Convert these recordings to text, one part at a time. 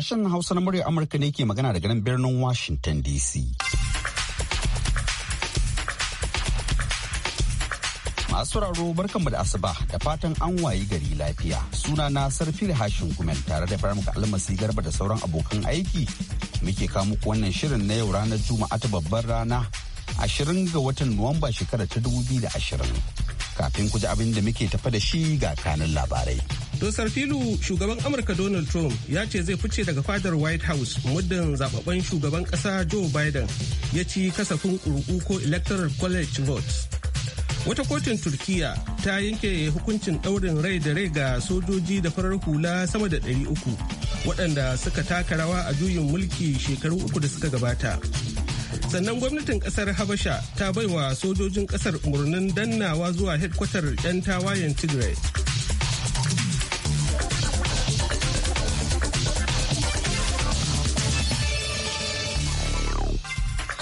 Sashen Hausa na murya Amurka ne ke magana da nan birnin Washington DC. Masu raro barkanmu da asuba da fatan an wayi gari lafiya. Suna na da Hashin gumen tare da muka Almasi Garba da sauran abokan aiki. Muke kawo muku wannan shirin na yau ranar Juma'a ta babbar rana ashirin ga watan Nuwamba shekarar ta 2020. Kafin ku ji abin da muke tafa da shi ga kanin labarai. Dosar filu shugaban Amurka Donald Trump ya ce zai fice daga fadar White House muddin zababben shugaban kasa Joe Biden ya ci kasafin ƙuri'u ko Electoral College votes. Wata kotun Turkiya ta yanke hukuncin daurin rai da rai ga sojoji da farar hula sama da 300 waɗanda suka taka rawa a juyin mulki shekaru uku da suka gabata. sannan gwamnatin kasar habasha ta baiwa sojojin kasar umarnin dannawa zuwa hedkwatar 'yan tawayen tigray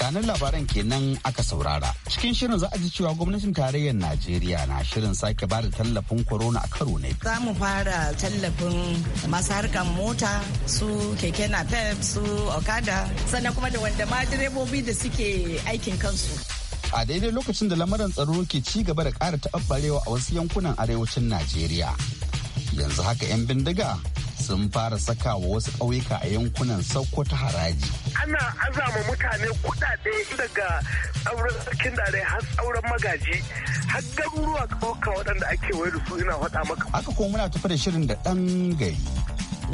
kanan labaran kenan aka saurara. Cikin shirin za a ji cewa gwamnatin tarayyar Najeriya na shirin sake ba da tallafin korona a karo na Za mu fara tallafin masu harkar mota su keke pep su okada sannan kuma da wanda ma direbobi da suke aikin kansu. a daidai lokacin da lamarin tsaro ke ci gaba da ƙara taɓarɓarewa a wasu yankunan arewacin najeriya yanzu haka 'yan bindiga sun fara sakawa wasu ƙauyuka a yankunan sauko ta haraji. Ana azama mutane kuɗaɗe daga tsauran sarkin dare har tsauran magaji har garuruwa kawaka waɗanda ake wayar da su ina faɗa maka. Haka kuma muna tafi da shirin da ɗan gari.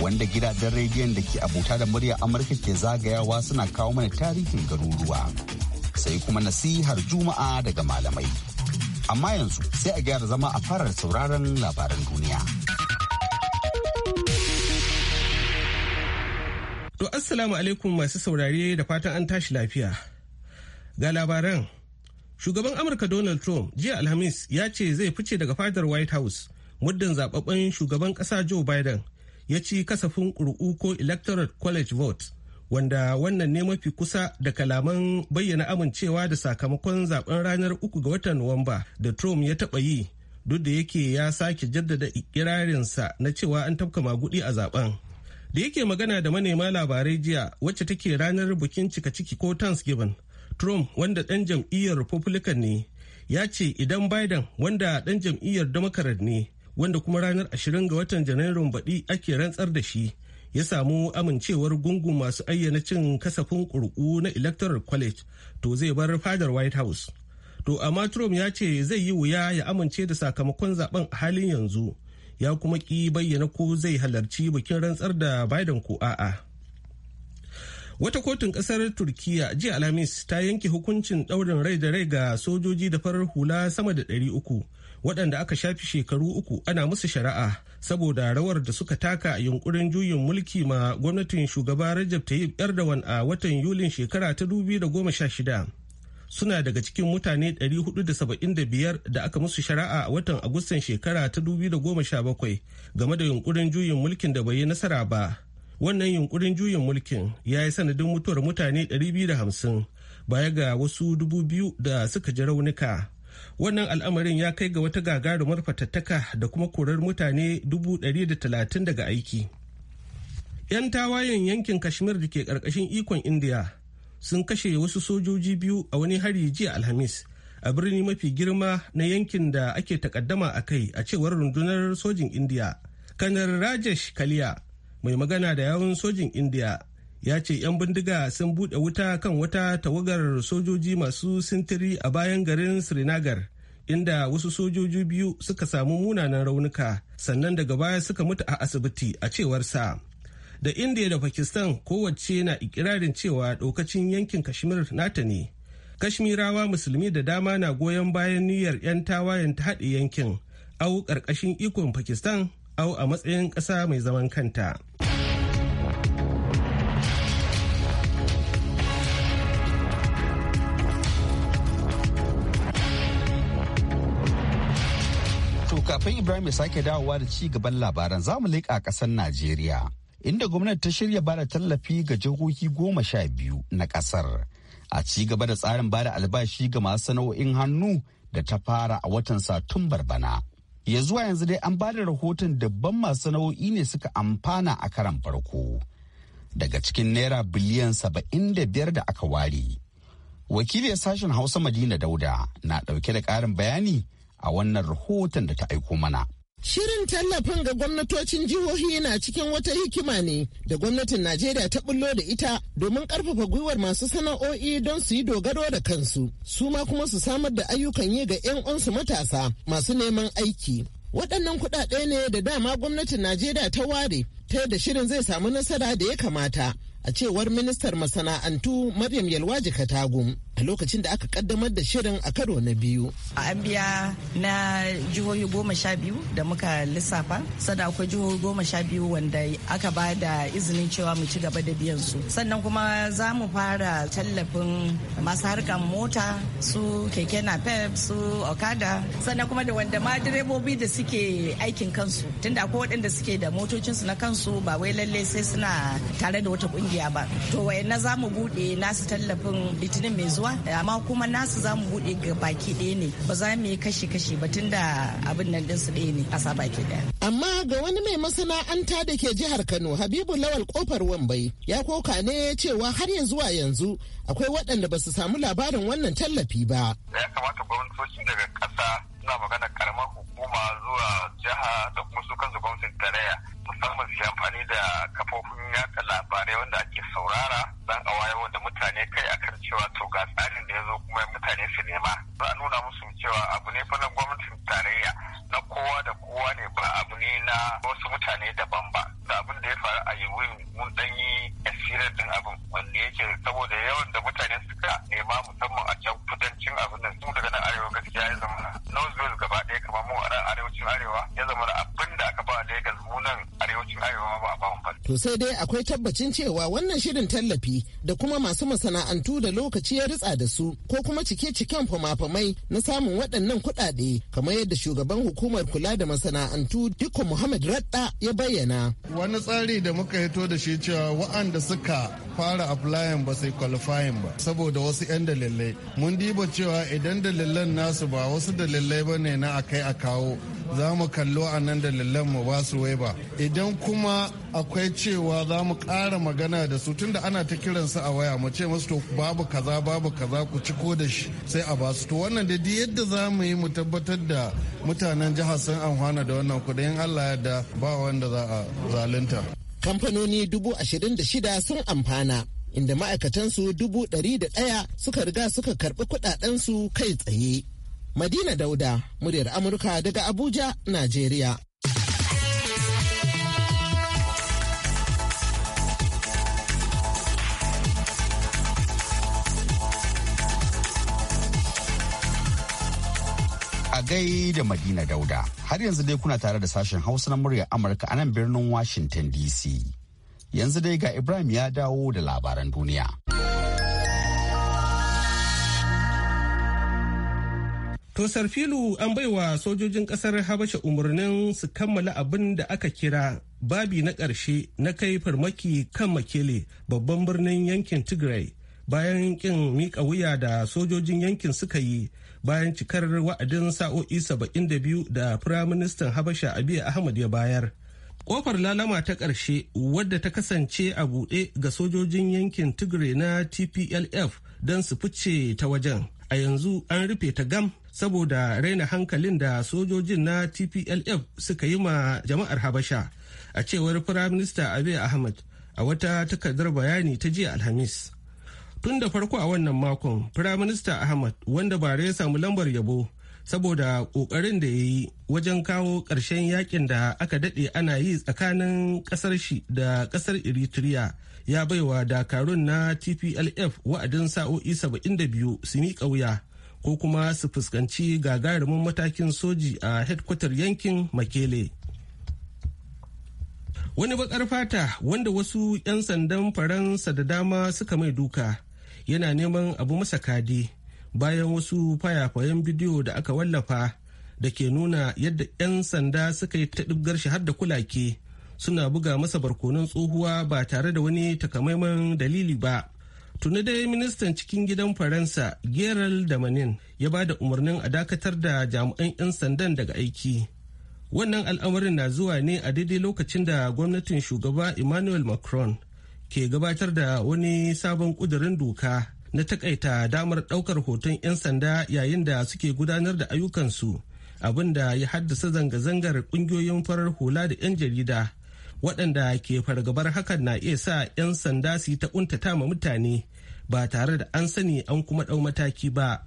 Wanda gidajen rediyon da ke abuta da murya Amurka ke zagayawa suna kawo mana tarihin garuruwa. Sai kuma nasihar Juma'a daga malamai. Amma yanzu sai a gyara zama a farar sauraron labaran duniya. assalamu alaikum masu saurare da fatan an tashi lafiya. Ga labaran, shugaban Amurka Donald Trump jiya Alhamis ya ce zai fice daga fadar White House muddin zababben shugaban ƙasa Joe Biden ya ci kasafin ƙuri'u ko Electoral College vote wanda wannan ne mafi kusa da kalaman bayyana amincewa da sakamakon zaben ranar uku ga watan Nuwamba da Trump ya taɓa yi duk da yake ya sake jaddada ikirarinsa na cewa an tafka magudi a zaben. da yake magana da manema labarai jiya wacce take ranar bikin cika ciki ko thanksgiving trump wanda dan jam'iyyar republican ne ya ce idan biden wanda dan jam'iyyar democrat ne wanda kuma ranar 20 ga watan janairun baɗi ake rantsar da shi ya samu amincewar gungun masu ayyana cin kasafin ƙurƙu na electoral college to zai bar fadar white house to amma trump ya ce zai yi wuya ya amince da sakamakon zaben a halin yanzu ya kuma ki bayyana ko zai halarci bikin rantsar da Biden ko a'a. Wata kotun kasar Turkiya jiya Alhamis ta yanke hukuncin ɗaurin rai da rai ga sojoji da farar hula sama da ɗari uku waɗanda aka shafi shekaru uku ana musu shari'a saboda rawar da suka taka a yunkurin juyin mulki ma gwamnatin shugaba Rajab Tayyip Erdogan a watan Yulin shekara ta 2016. suna daga cikin mutane 475 da aka musu shari'a a watan agustan shekara ta 2017 game da yunkurin juyin mulkin da bai yi nasara ba wannan yunkurin juyin mulkin ya yi sanadin mutuwar mutane 250 baya ga wasu 2000 da suka ji raunuka wannan al'amarin ya kai ga wata gagarumar fatattaka da kuma korar mutane 130 daga aiki 'yan tawayen yankin kashmir da ke ƙarƙashin ikon indiya sun kashe wasu sojoji biyu a wani hari jiya alhamis a birni mafi girma na yankin da ake takaddama a kai a cewar rundunar sojin indiya kanar rajesh kaliya mai magana da yawon sojin indiya ya ce 'yan bindiga sun buɗe wuta kan wata tawagar sojoji masu sintiri a bayan garin srinagar inda wasu sojoji biyu suka samu munanan raunuka sannan daga baya suka mutu a asibiti a cewar sa da india da pakistan kowacce na ikirarin cewa ɗaukacin yankin kashmir nata ne kashmirawa musulmi da dama na goyon bayan niyyar 'yan tawayen ta haɗe yankin au ƙarƙashin ikon pakistan au a matsayin ƙasa mai zaman kanta kafin ibrahim ya sake dawowa da ci gaban labaran zamu leƙa ƙasar najeriya inda gwamnati ta shirya ba da tallafi ga jihohi goma sha biyu na kasar a ci gaba da tsarin ba da albashi ga masu sana'o'in hannu da ta fara a watan satumbar bana ya zuwa yanzu dai an ba da rahoton dabban masu sana'o'i ne suka amfana a karan farko daga cikin naira biliyan saba'in da biyar da aka ware wakilin sashen hausa madina dauda na dauke da karin bayani a wannan rahoton da ta aiko mana Shirin tallafin ga gwamnatocin jihohi na cikin wata hikima ne da gwamnatin Najeriya ta bullo da ita domin karfafa gwiwar masu sana'o'i don su yi dogaro da kansu, su ma kuma su samar da ayyukan yi ga 'yan uwansu matasa masu neman aiki. Waɗannan kuɗaɗe ne da dama gwamnatin Najeriya ta ware ta yadda shirin zai samu nasara da ya kamata, a cewar ministar masana'antu Maryam Yalwaji Katagum. a lokacin da aka kaddamar da shirin a karo na biyu. A an biya na jihohi goma sha biyu da muka lissafa, sannan akwai jihohi goma sha biyu wanda aka ba da izinin cewa mu ci gaba da biyan su. Sannan kuma za mu fara tallafin masu harkar mota su keke napep su okada sannan kuma da wanda ma direbobi da suke aikin kansu tunda akwai waɗanda suke da motocinsu na kansu ba wai lalle sai suna tare da wata kungiya ba. To wayanna za mu buɗe nasu tallafin litinin mai zuwa rayuwa amma kuma nasu za mu buɗe ga baki ɗaya ne ba za mu yi kashi-kashi ba tun da abin nan ɗinsu ɗaya ne ƙasa baki ɗaya. Amma ga wani mai masana'anta da ke jihar Kano Habibu Lawal Kofar Wambai ya koka ne cewa har yanzu a yanzu akwai waɗanda ba su samu labarin wannan tallafi ba. Ya kamata daga ƙasa suna magana karamar hukuma zuwa jiha da kuma su kansu gwamnatin tarayya musamman su amfani da kafofin yaka labarai wanda ake saurara don a wayar da mutane kai a kan cewa to ga tsarin da ya zo kuma mutane su nema za a nuna musu cewa abu ne fa na gwamnatin tarayya na kowa da kowa ne ba abu ne na wasu mutane daban ba da abin da ya faru a yi mun dan yi asirar din abin wanda yake saboda yawan da mutane suka nema musamman a can kudancin abin da su daga nan arewa gaskiya ya zama na Jos gaba ɗaya kamar mu a arewacin arewa ya zama da abin da aka ba Legas mu nan arewacin arewa ba a bawon bane. To sai dai akwai tabbacin cewa wannan shirin tallafi da kuma masu masana'antu da lokaci ya ritsa da su ko kuma cike-ciken fama-famai na samun waɗannan kuɗaɗe kamar yadda shugaban hukumar kula da masana'antu Dikko Muhammad Radda ya bayyana. Wani tsari da muka hito da shi cewa wa'anda suka fara applying ba sai qualifying ba saboda wasu 'yan dalilai mun diba cewa idan dalilan nasu ba wasu dalilai ba ne na akai a kawo za mu kallo a nan dalilan mu ba su wai ba idan kuma akwai cewa za mu ƙara magana da su tunda ana ta kiransu a waya mu ce musu to babu kaza babu kaza ku ci ko da shi sai a ba su to wannan da yadda za mu yi mu tabbatar da mutanen jihar sun amfana da wannan kuɗin allah ya da ba wanda za a zalunta kamfanoni dubu ashirin da shida sun amfana inda ma'aikatansu dubu ɗari da ɗaya suka riga suka karɓi kuɗaɗensu kai tsaye. Madina Dauda, muryar Amurka daga Abuja, Najeriya. A gai da Madina Dauda, har yanzu dai kuna tare da sashen Hausa na muryar Amurka a nan birnin Washington DC. Yanzu dai ga Ibrahim ya dawo da labaran duniya. To sarfilu an baiwa sojojin kasar Habasha umarnin su kammala abin da aka kira babi na ƙarshe na kai farmaki kan makele babban birnin yankin Tigray bayan kin miƙa wuya da sojojin yankin suka yi bayan cikar wa'adin sa'o'i 72 da firaministan habasha abiy ahmad ya bayar kofar lalama ta ƙarshe wadda ta kasance a buɗe ga sojojin yankin tigre na tplf don su fice ta wajen a yanzu an rufe ta gam saboda raina hankalin da sojojin na tplf suka yi ma jama'ar habasha a cewar firaminista abiy ahmad a wata takardar bayani ta jiya alhamis Tun da farko a wannan makon, Firaminista Ahmad wanda bare ya samu lambar yabo saboda kokarin da ya yi wajen kawo ƙarshen yakin da aka daɗe ana yi tsakanin ƙasar shi da ƙasar Eritrea ya baiwa dakarun na TPLF wa'adin sa'o'i 72 su yi wuya ko kuma su fuskanci gagarumin matakin soji a hedkwatar yankin Makele. Wani baƙar fata wanda wasu 'yan sandan Faransa da dama suka mai duka yana neman abu masa kadi bayan wasu fayafayen bidiyo da aka wallafa da ke nuna yadda 'yan sanda suka yi ta ɗibgar shi har da kulake suna buga masa barkonon tsohuwa ba tare da wani takamaiman dalili ba tuni dai ministan cikin gidan faransa gerald damanin ya ba da umarnin a dakatar da jami'an 'yan sandan daga aiki wannan al'amarin na zuwa ne a daidai lokacin da gwamnatin shugaba emmanuel macron ke gabatar da wani sabon ƙudurin doka na takaita damar ɗaukar hoton 'yan sanda yayin da suke gudanar da ayyukansu abin da ya haddasa zanga-zangar ƙungiyoyin farar hula da 'yan jarida waɗanda ke fargabar hakan na iya sa 'yan sanda su yi ta ma mutane ba tare da an sani an kuma ɗau mataki ba.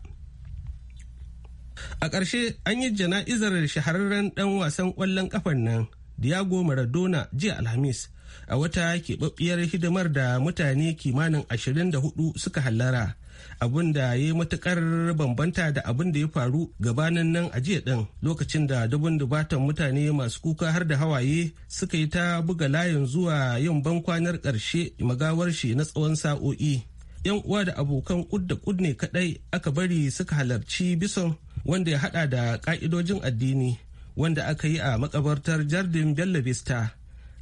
A ƙarshe an yi jana'izar shahararren ɗan wasan ƙwallon ƙafar nan, Diego Maradona jiya Alhamis, a wata keɓaɓɓiyar hidimar da mutane kimanin 24 suka hallara abin da ya yi matukar bambanta da abin da ya faru gabanin nan a jiya ɗin lokacin da dubun dubatan mutane masu kuka har da hawaye suka yi ta buga layin zuwa yin bankwanar ƙarshe magawar shi na tsawon sa'o'i yan uwa da abokan kudda kud ne kadai aka bari suka halarci bison wanda ya hada da ka'idojin addini wanda aka yi a makabartar jardin Bello Vista.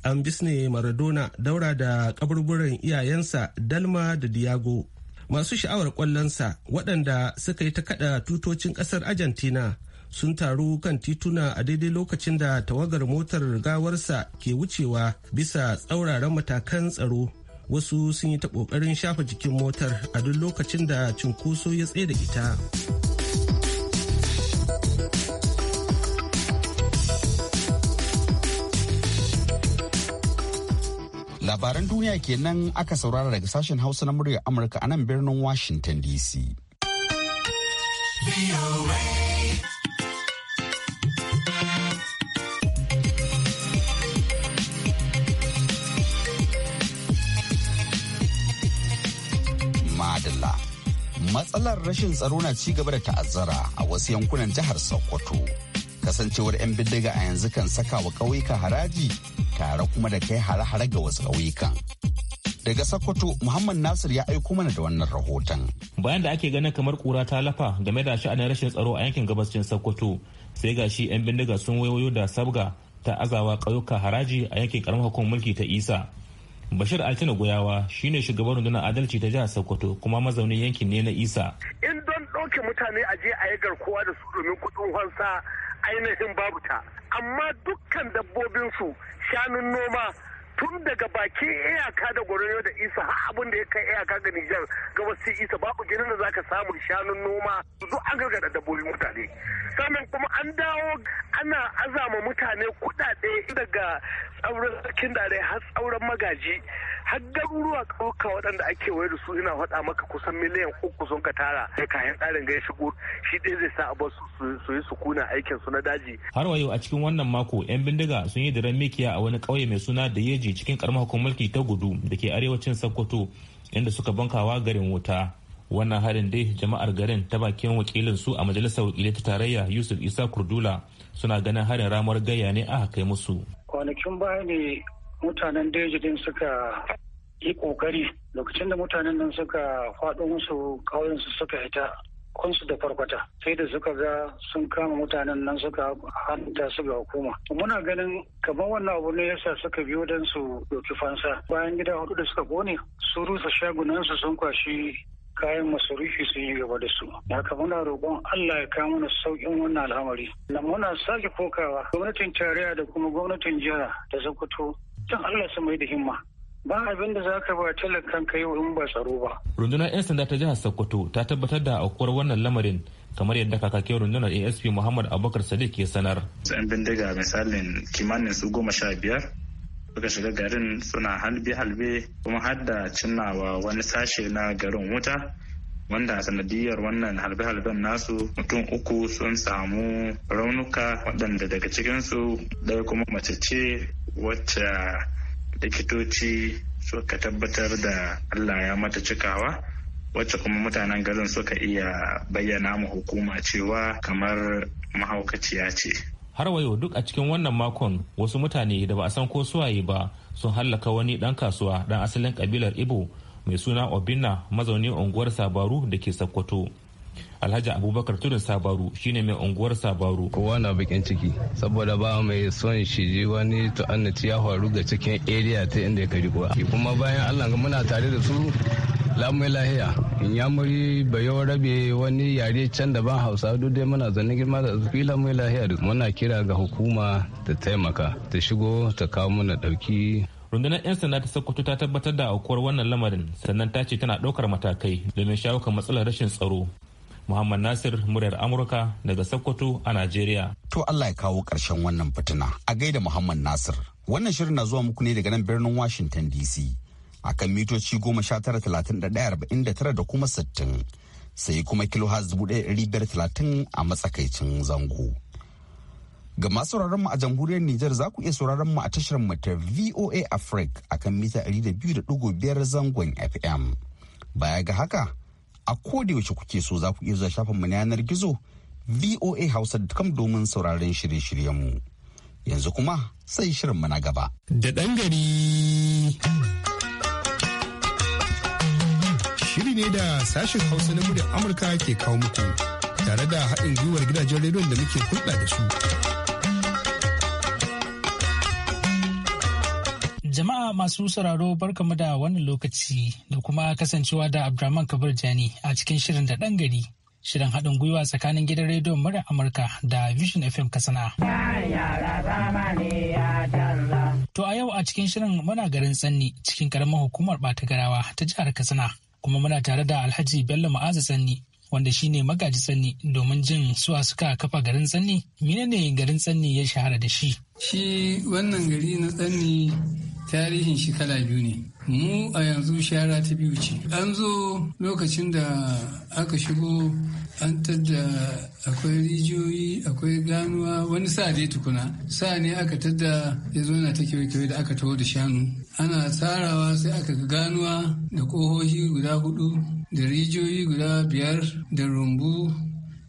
an bisne maradona daura da kaburburan iyayensa dalma da diago masu sha'awar kwallonsa waɗanda suka yi ta kaɗa tutocin ƙasar argentina sun taru kan tituna a daidai lokacin da tawagar motar gawarsa ke wucewa bisa tsauraran matakan tsaro wasu sun yi ta ƙoƙarin shafa jikin motar a duk lokacin da cunkoso ya tsaye da ita. Labaran duniya kenan aka saurara daga sashen Hausa na muryar Amurka a nan birnin Washington DC. Madalla. Matsalar rashin tsaro na cigaba da ta'azzara a wasu yankunan jihar Sokoto. kasancewar 'yan bindiga a yanzu kan saka wa ƙauyuka haraji tare kuma da kai hare-hare ga wasu ƙauyukan. Daga Sokoto, Muhammad Nasir ya aiko mana da wannan rahoton. Bayan da ake ganin kamar kura ta lafa game da sha'anin rashin tsaro a yankin gabashin Sokoto, sai ga shi 'yan bindiga sun wayoyo da sabga ta azawa ƙauyuka haraji a yankin ƙaramin hukumar mulki ta Isa. Bashir Altina Goyawa shine shugaban rundunar adalci ta jihar Sokoto kuma mazaunin yankin ne na Isa. In don ɗauke mutane a je a yi garkuwa da su domin kuɗin fansa ainihin babu ta amma dukkan dabbobin su shanun noma tun daga bakin iyaka da gwararriyo da isa har abin da ya kai iyaka ga Nijar gabas ta isa babu ginin da zaka samu shanun noma duk an gargada dabbobin mutane sannan kuma an dawo ana azama mutane kudade daga tsauran sarkin dare har tsauran magaji har garuruwa ƙauka waɗanda ake wayar da su ina faɗa maka kusan miliyan uku sun ka tara da kayan tsarin gai shigo shi ɗaya zai sa a su yi sukuna aikin su na daji. Har wayo a cikin wannan mako 'yan bindiga sun yi daren mikiya a wani ƙauye mai suna da yeji cikin ƙaramar hukumar mulki ta gudu da ke arewacin Sokoto inda suka bankawa garin wuta. Wannan harin dai jama'ar garin ta bakin wakilin su a majalisar wakilai ta tarayya Yusuf Isa Kurdula suna ganin harin ramar gayya ne aka kai musu. Kwanakin baya mutanen deji din suka yi kokari lokacin da mutanen nan suka faɗo musu ƙauyensu suka hita kunsu da farkwata sai da suka ga sun kama mutanen nan suka hanta su ga hukuma muna ganin kamar wannan abu ne yasa suka biyo don su ɗauki fansa bayan gida hudu da suka kone su rusa su sun kwashi kayan masarufi sun yi gaba da su haka muna roƙon Allah ya kawo mana sauƙin wannan al'amari na muna sake kokawa gwamnatin tarayya da kuma gwamnatin jiha da Sokoto cin Allah su mai da himma ba abin da za ka ba talakan kai in ba tsaro ba. Rundunar 'yan sanda ta jihar Sokoto ta tabbatar da aukuwar wannan lamarin kamar yadda kakakin rundunar ASP Muhammad Abubakar Sadiq ya sanar. Yan bindiga misalin kimanin su goma sha biyar suka shiga garin suna halbe-halbe kuma har da cinnawa wani sashe na garin wuta wanda a sanadiyar wannan halbe halben nasu mutum uku sun samu raunuka waɗanda daga cikinsu ɗaya kuma mace ce wacce likitoci suka tabbatar da allah ya mata cikawa wacce kuma mutanen garin suka iya bayyana mu hukuma cewa kamar mahaukaciya ce har wayo duk a cikin wannan makon wasu mutane da ba a san ko suwaye ba sun hallaka wani ɗan kasuwa ɗan asalin kabilar ibo mai suna obinna mazaunin unguwar sabaru da ke sakkwato alhaji abubakar tudun sabaru shine mai unguwar sabaru kowa na bakin ciki saboda ba mai son shi ji wani ta'annaci ya faru ga cikin area ta inda ya kari kuwa kuma bayan allah muna tare da su lamai lahiya in ya muri bayo rabe wani yare can da ban hausa duk dai muna zanne girma da zufi lamai lahiya muna kira ga hukuma ta taimaka ta shigo ta kawo muna dauki rundunar 'yan sanda ta sokoto ta tabbatar da aukuwar wannan lamarin sannan ta ce tana ɗaukar matakai domin shawo kan matsalar rashin tsaro muhammad nasir muryar amurka daga sokoto a najeriya to allah ya kawo ƙarshen wannan fitina a gaida muhammad nasir wannan shirin na zuwa muku ne daga nan birnin washington dc akan mitoci goma sha tara talatin da ɗaya arba'in da tara da kuma sittin sai kuma ha dubu ɗaya ɗari biyar talatin a matsakaicin zango. Ga masu sauraron mu a jamhuriyar Nijar za ku iya sauraron mu a tashar mu ta VOA Africa akan mita 200.5 zangon FM. Baya ga haka, a da yaushe kuke so za ku iya zuwa shafin mu na yanar gizo hausa da voa kam domin sauraron shirye shiryenmu Yanzu kuma sai shirin mu na gaba. Da ɗan gari. Shiri ne da sashen Hausa na muryar Amurka ke kawo muku tare da haɗin gwiwar gidajen rediyon da muke hulɗa da su. masu sauraro barkamu da wannan lokaci da kuma kasancewa da Abdurrahman Kabir Jani a cikin shirin da ɗan gari. Shirin haɗin gwiwa tsakanin gidan rediyon mara Amurka da Vision FM Katsina. To a yau a cikin shirin muna garin Tsanni cikin karamar hukumar Batagarawa ta jihar Katsina kuma muna tare da Alhaji Bello Ma'aza Tsanni wanda shine magaji Tsanni domin jin suwa suka kafa garin Tsanni. Menene garin Tsanni ya shahara da shi? Shi wannan gari na Tsanni tarihin shi kala biyu ne mu a yanzu Shara ta biyu ce an zo lokacin da aka shigo an tadda akwai rijiyoyi akwai ganuwa wani sa dai tukuna sa ne aka tadda ya zo na ta kewaye da aka taho da shanu ana tsarawa sai aka ga ganuwa da kohohi guda hudu da rijiyoyi guda biyar da rumbu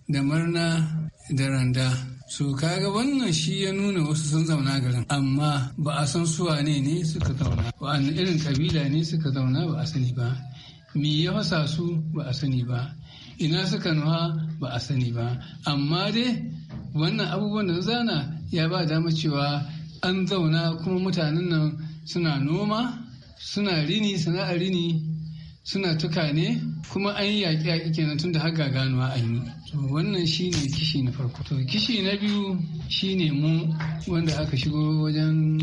da marna da randa So kaga wannan shi ya nuna wasu sun zauna garin amma ba a san su ne ne suka zauna a irin kabila ne suka zauna ba a sani ba me ya fasa su ba a sani ba ina suka nuha ba a sani ba amma dai wannan abubuwan da zana ya ba dama cewa an zauna kuma mutanen nan suna noma suna rini sana'ar rini suna tuka ne kuma an yi yaƙi yaƙi kenan tun da har ganuwa an yi to wannan shine kishi na farko to kishi na biyu shine mu wanda aka shigo wajen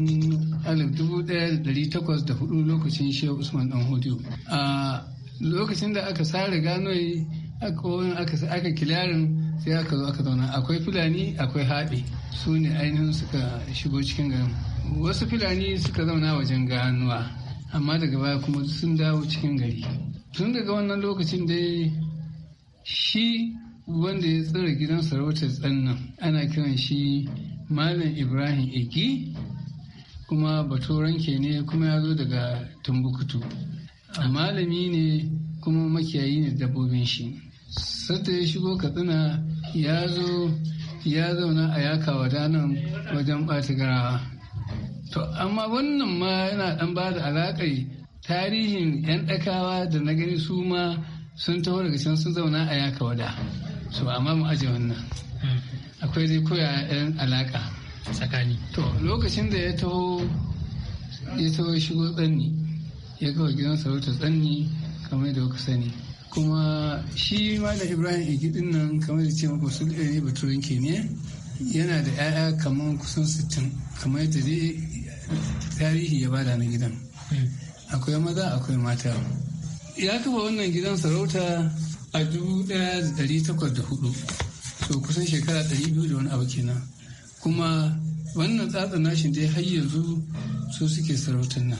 alif dubu ɗaya da ɗari takwas da hudu lokacin shehu usman dan hudu a lokacin da aka sare ganoyi aka aka kilarin sai aka zo aka zauna akwai fulani akwai haɓe su ne ainihin suka shigo cikin garin wasu fulani suka zauna wajen ganuwa amma daga baya kuma sun dawo cikin gari tun daga wannan lokacin dai shi wanda ya tsira gidan sarautar tsannan ana kiran shi malam ibrahim igi kuma baturan ke ne kuma ya zo daga tumbuktu malami ne kuma makiyayi ne dabbobin shi sata ya shigo katsina ya zo ya zauna a yakawa danan wajen ɓata garawa To amma wannan ma yana dan ba da alaƙa tarihin 'yan ɗakawa da na gani su ma sun taho daga can sun zauna a yaka wada. So amma mu aje wannan. Hmm. Akwai dai koya 'yan alaƙa. Tsakani. To lokacin da ya taho ya taho shigo tsanni ya kawo gidan sarauta tsanni kamar da kuka sani. kuma shi ma da ibrahim gidan nan kamar da ce maka su ne baturin ne yana da 'ya'ya kamar kusan sittin kamar yadda dai tarihi ya bada na gidan akwai maza akwai mata ya kafa wannan gidan sarauta a 1804 so kusan shekara 200 da wani abu kenan kuma wannan tsatsa nashin dai har yanzu su suke sarautar nan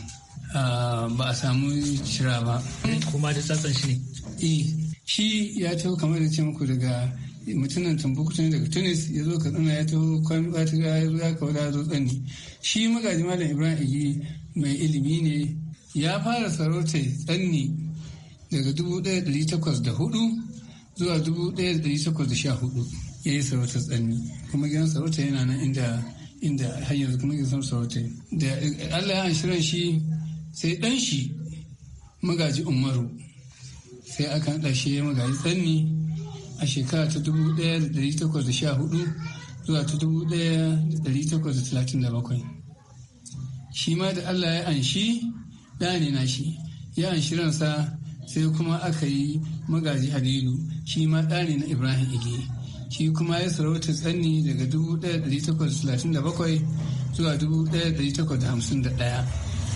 ah, ba a samu cira ba kuma da tsatsan shi ne eh, shi ya taho kamar da ce muku daga mutumin tumbuktu ne daga tunis ya zo katsina ya taho kwan ya zo ya kawo ya zo tsani shi magaji malam ibrahim iji mai ilimi ne ya fara sarauta tsanni daga 1804 zuwa 1814 ya yi sarauta tsanni kuma gidan sarauta yana nan inda inda har yanzu kuma gidan sarauta da allah ya shirin shi sai dan shi magaji umaru sai aka haɗa shi magaji tsanni a shekara ta 1814 zuwa ta dubu ɗaya da ɗari takwas da talatin da bakwai shi ma da allah ya anshi ɗa ne na shi ya anshi ransa sai kuma aka yi magaji halilu shi ma ɗa ne na ibrahim ige shi kuma ya sarauta tsanni daga dubu da da da takwas talatin bakwai zuwa dubu da da da takwas hamsin ɗaya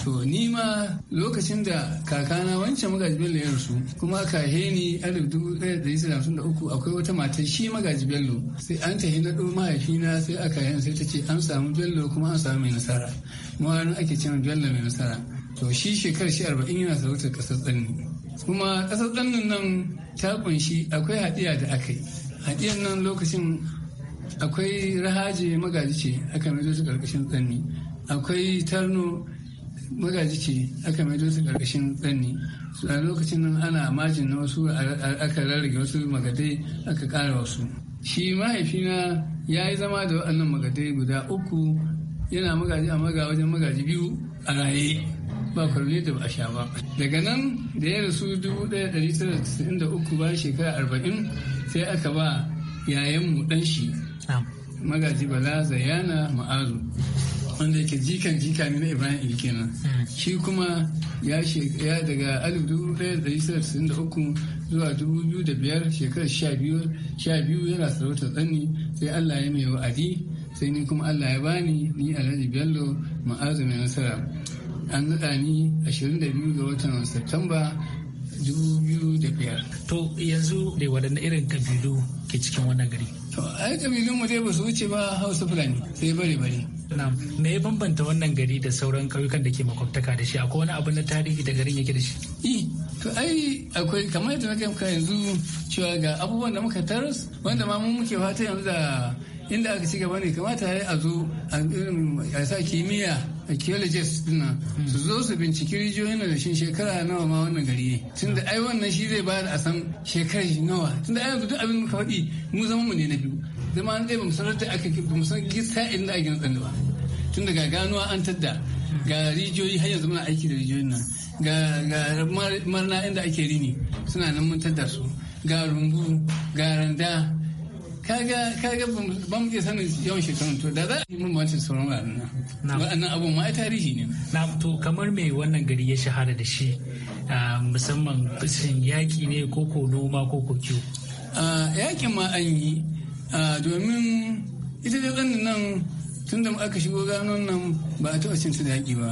to ni ma lokacin da kakana wancan magaji bello ya rasu kuma kahe ni alif dubu ɗaya da yi da uku akwai wata mata shi magaji bello sai an tafi na mahaifina sai aka yi sai ta ce an samu bello kuma an samu mai nasara mawarin ake cin bello mai nasara to shi shekarar shi arba'in yana sarautar ƙasar tsanni kuma ƙasar tsannin nan ta kunshi akwai haɗiya da aka yi haɗiyan nan lokacin akwai rahaje magaji ce aka mai su ƙarƙashin tsanni akwai tarno magaji ce aka maido su karkashin tsanni a lokacin nan ana majin na wasu aka rarrage wasu magadai aka kara wasu shi mahaifina ya yi zama da waɗannan magadai guda uku yana magaji a maga wajen magaji biyu a raye ba kwarne da ba a sha ba daga nan da ya rasu 1993 bayan shekara arba'in sai aka ba yayanmu ɗan shi magaji bala zayana ma'azu wanda yake jikan jika ne na ibrahim ilkina shi kuma ya ya daga 1963 zuwa 2005 shekarar 12 12 yana sarautar tsanni sai allah ya mai wa'adi sai ni kuma allah ya bani ni alhaji bello ma'azu mai nasara an naɗa ni 22 ga watan Satamba 2005. To yanzu da waɗanda irin kabilu ke cikin wannan gari? ai kabilun mu dai ba su wuce ba hausa fulani sai bare bare me ya bambanta wannan gari da sauran kauyukan da ke makwabtaka da shi akwai wani abu na tarihi da garin yake da shi to ai akwai kamar yadda na kai yanzu cewa ga abubuwan da muka taras wanda ma mun muke fata yanzu da inda aka cigaba ne kamata ya a zo a sa kimiyya archaeologists din su zo su binciki rijiyoyin da shi shekara nawa ma wannan gari ne tun da ai wannan shi zai bayar a san shekara nawa tun da ai yanzu duk abin ka faɗi mu zama mu ne na biyu zama an ba bamu da aka ba san gisa inda ake nan ba tun ga ganuwa an tadda ga rijiyoyi har yanzu muna aiki da rijiyoyin nan ga marna inda ake rini suna nan mun tadda su ga rumbu ga randa kaga ban mu iya sanin yawan shekarun to da za a yi mun sauran waɗannan wadannan abun ma tarihi ne na to kamar me wannan gari ya shahara da shi ah, musamman shin yaƙi ne ko ko noma ko ko kiwo ah, yaƙin ma an yi ah, domin ita da ɗan nan tun da aka shigo ganon nan ba a taɓa cin su da yaƙi ba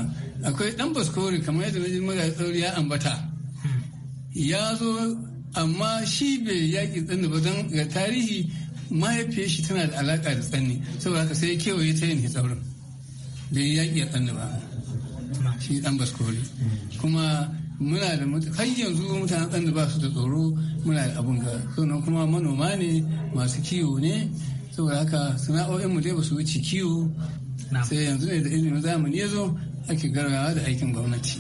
akwai ɗan baskori kamar yadda na ji tsauri ya ambata hmm. ya zo amma shi bai yaƙi ɗan ba don ga tarihi mahaifiyar shi tana da alaƙa da tsanni saboda haka sai kewaye ta yin hitsaurin da ya yaƙi a tsanni ba shi dan baskoli kuma muna da har yanzu mutanen tsanni ba su da tsoro muna da abun ga sannan kuma manoma ne masu kiwo ne saboda haka sana'o'in mu dai ba su wuce kiwo sai yanzu ne da ilimin zamani ya zo ake gargawa da aikin gwamnati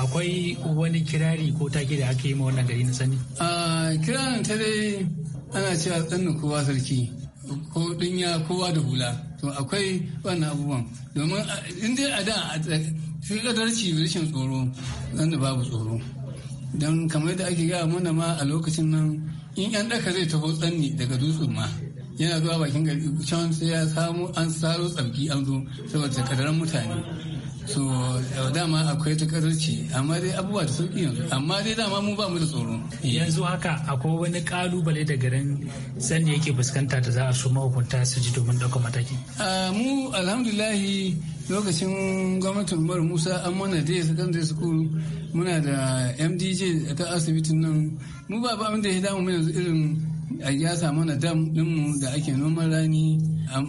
akwai wani kirari ko take da ake yi ma wannan gari na sani a ah, kirarin ta dai ana cewa tsannin kowa sarki ko dinya kowa da hula to akwai wannan abubuwan domin in dai a da sai kadarci rashin tsoro da babu tsoro don kamar da ake gaya mana ma a lokacin nan in yan daka zai taho tsanni daga dutsen ma yana zuwa bakin gari can sai ya samu an saro tsarki an zo saboda kadaran mutane so dama akwai takararci amma dai abubuwa da sauki yanzu amma dai dama mu ba mu da tsoro eh. yanzu haka akwai wani kalubale da garin sani yake fuskanta da za a so mahukunta su ji domin ɗaukar mataki mu alhamdulahi lokacin gwamnatin umar musa an mana da secondary school muna da mdj ta asibitin nan mu ba ba da ya damu yanzu irin a samu mana dam dinmu da ake noman rani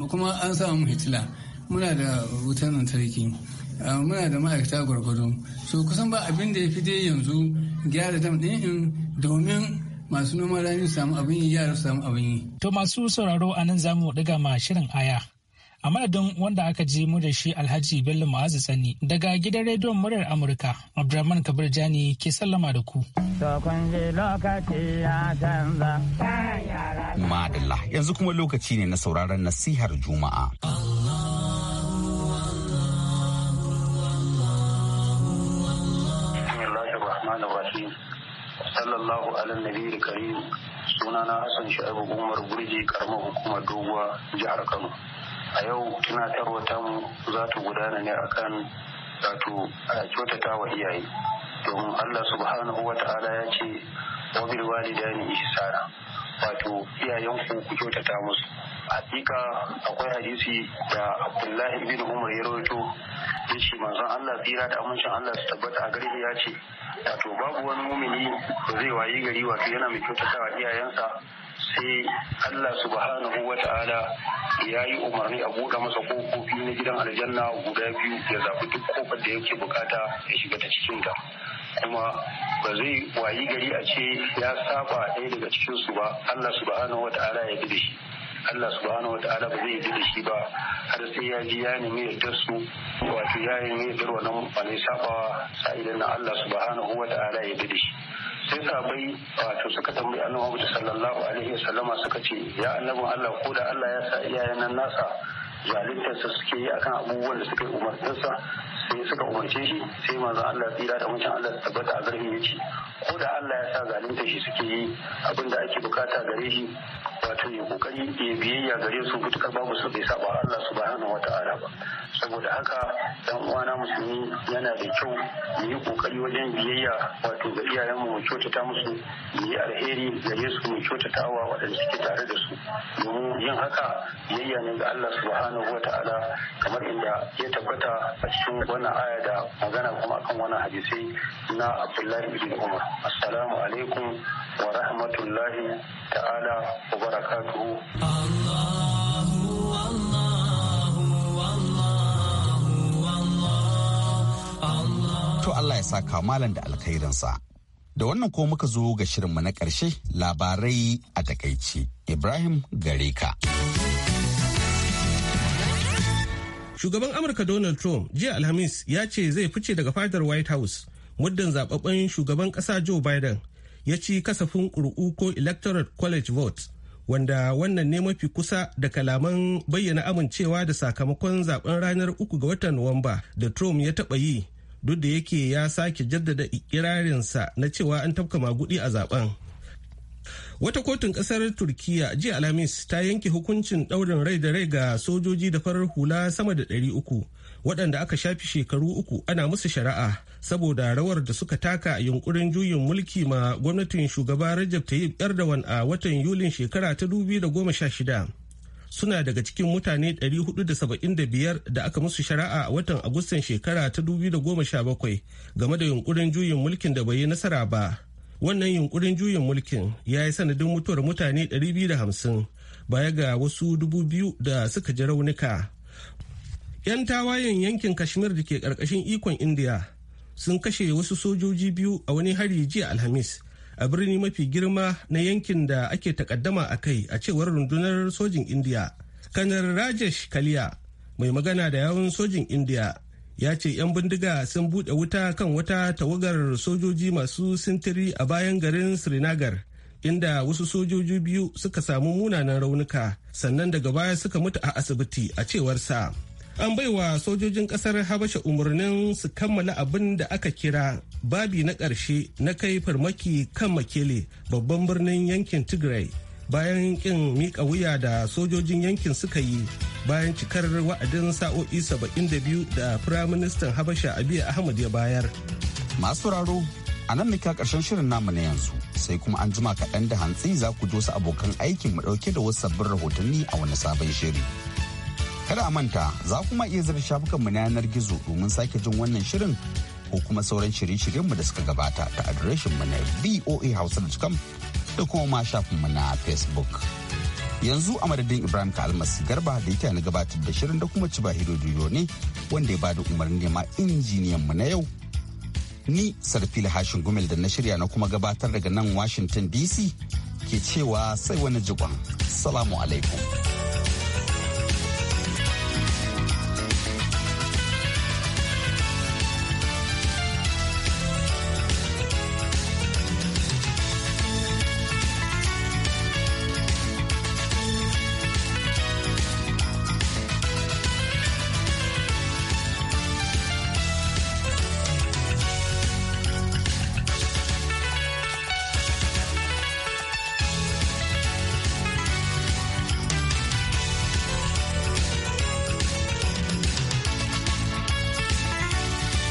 kuma an samu hitila muna da wutar lantarki Ah, muna da ma'aikata gwargwado so kusan ba abin da ya fi dai yanzu gyara dam ɗin domin masu noman rani samu abin yi yara samu abin yi. to masu sauraro a nan zamu ɗiga ma shirin aya a madadin wanda aka ji mu da shi alhaji bello ma'azu tsani daga gidan rediyon murar amurka abdulrahman kabir jani ke sallama da ku madalla yanzu kuma lokaci ne na sauraron nasihar juma'a الرحمن الرحيم صلى الله على النبي الكريم sunana Hassan Sha'ibu Umar Burji karamar hukumar Doguwa jihar Kano. A yau tunatarwa mu za ta gudana ne akan wato a kyautata wa iyaye. Domin Allah subhanahu wa ta'ala ya ce wa bil walidani ihsana. wato iyayenku ku kyautata musu hakika akwai hadisi da abdullahi bin umar ya rawaito ya ce manzon allah tsira da amincin allah su tabbata a gare ya ce wato babu wani mumini da zai wayi gari wato yana mai kyautata wa iyayensa sai allah subhanahu wa ta'ala ya yi umarni a buɗe masa kofofi na gidan aljanna guda biyu ya zaɓi duk kofar da yake bukata ya shiga ta cikinta kuma ba zai wayi gari a ce ya saba ɗaya daga cikinsu ba Allah subhanahu ta'ala ya bi da shi Allah subhanahu ta'ala ba zai bi da shi ba har sai ya ji ya nemi yardar su wato ya nemi yardar wannan wani sabawa sa'idan na Allah subhanahu ta'ala ya bi da shi sai sabai wato suka tambayi annabi sallallahu alaihi wasallama suka ce ya annabin Allah ko da Allah ya sa iyayen nan nasa zaluntarsa suke yi akan abubuwan da suka yi umarninsa sai suka umarce shi sai manzo Allah tsira da mutum Allah tabbata a garin ya ci ko da Allah ya sa zalunta shi suke yi abinda ake bukata gare shi wato ya kokari ya biyayya gare su mutukar babu su bai saba Allah subhanahu wata'ala ba saboda haka dan uwana musulmi yana da kyau mu yi kokari wajen biyayya wato ga iyayen mu kyautata musu mu yi alheri gare su mu kyautata wa waɗanda suke tare da su domin yin haka biyayya ne ga Allah subhanahu wata'ala kamar inda ya tabbata a cikin wannan aya da magana kuma akan wannan hadisi na abdullahi ibn umar assalamu alaikum wa rahmatullahi ta'ala wa barakatuhu To Allah ya sa Malam da alkhairinsa. Da wannan ko muka zo ga shirinmu na ƙarshe labarai a takaici. Ibrahim Gareka. Shugaban Amurka Donald Trump jiya Alhamis ya ce zai fice daga fadar White House muddin zababben shugaban ƙasa Joe Biden ya ci kasafin ƙuri'u ko Electoral College vote wanda wannan ne mafi kusa da kalaman bayyana amincewa da sakamakon zaben ranar uku ga watan Nuwamba da Trump ya taɓa yi duk da yake ya sake jaddada ikirarinsa na cewa an tafka magudi a zaben. Wata kotun kasar Turkiya jiya Alhamis ta yanke hukuncin ɗaurin rai da rai ga sojoji da farar hula sama da ɗari uku waɗanda aka shafi shekaru uku ana musu shari'a saboda rawar da suka taka a yunkurin juyin mulki ma gwamnatin shugaba Rajab Tayyip Erdogan a watan Yulin shekara ta shida. Suna daga cikin mutane 475 da aka musu shari'a a watan Agustan shekara ta bakwai, game da yunkurin juyin mulkin da bai yi nasara ba. wannan yunkurin juyin mulkin ya yi sanadin mutuwar mutane 250 baya ga wasu dubu biyu da suka ji raunuka 'yan tawayen yankin kashmir da ke karkashin ikon india sun kashe wasu sojoji biyu a wani hari jiya alhamis a birni mafi girma na yankin da ake takaddama a kai a cewar rundunar sojin india kanar rajesh kaliya mai magana da yawon sojin india ya ce 'yan bindiga sun buɗe wuta kan wata tawagar sojoji masu sintiri a bayan garin srinagar inda wasu sojoji biyu suka samu munanan raunuka sannan daga baya suka mutu a asibiti a cewar sa an baiwa sojojin kasar habasha umarnin su kammala abin da aka kira babi na ƙarshe na kai farmaki kan makele babban birnin yankin tigray bayan kin mika wuya da sojojin yankin suka yi bayan cikar wa'adin sa'o'i 72 da firaministan habasha abiya ahmad ya bayar masu raro a nan muke karshen shirin namu na yanzu sai kuma an jima kaɗan da hantsi za ku dosa abokan aikin mu ɗauke da wasu sabbin rahotanni a wani sabon shiri kada a manta za kuma iya zira shafukan mu na yanar gizo domin sake jin wannan shirin ko kuma sauran shirye-shiryen mu da suka gabata ta adireshin mu na voahausa.com da kuma ma shafin mu na facebook yanzu a madadin ibrahim kalmas garba da ita na gabatar da shirin da kuma ci bahido ne wanda ya bada umarni ma injiniyan mu na yau ni sarfil hashin gumel da na shirya na kuma gabatar daga nan washington dc ke cewa sai wani jikon salamu alaikum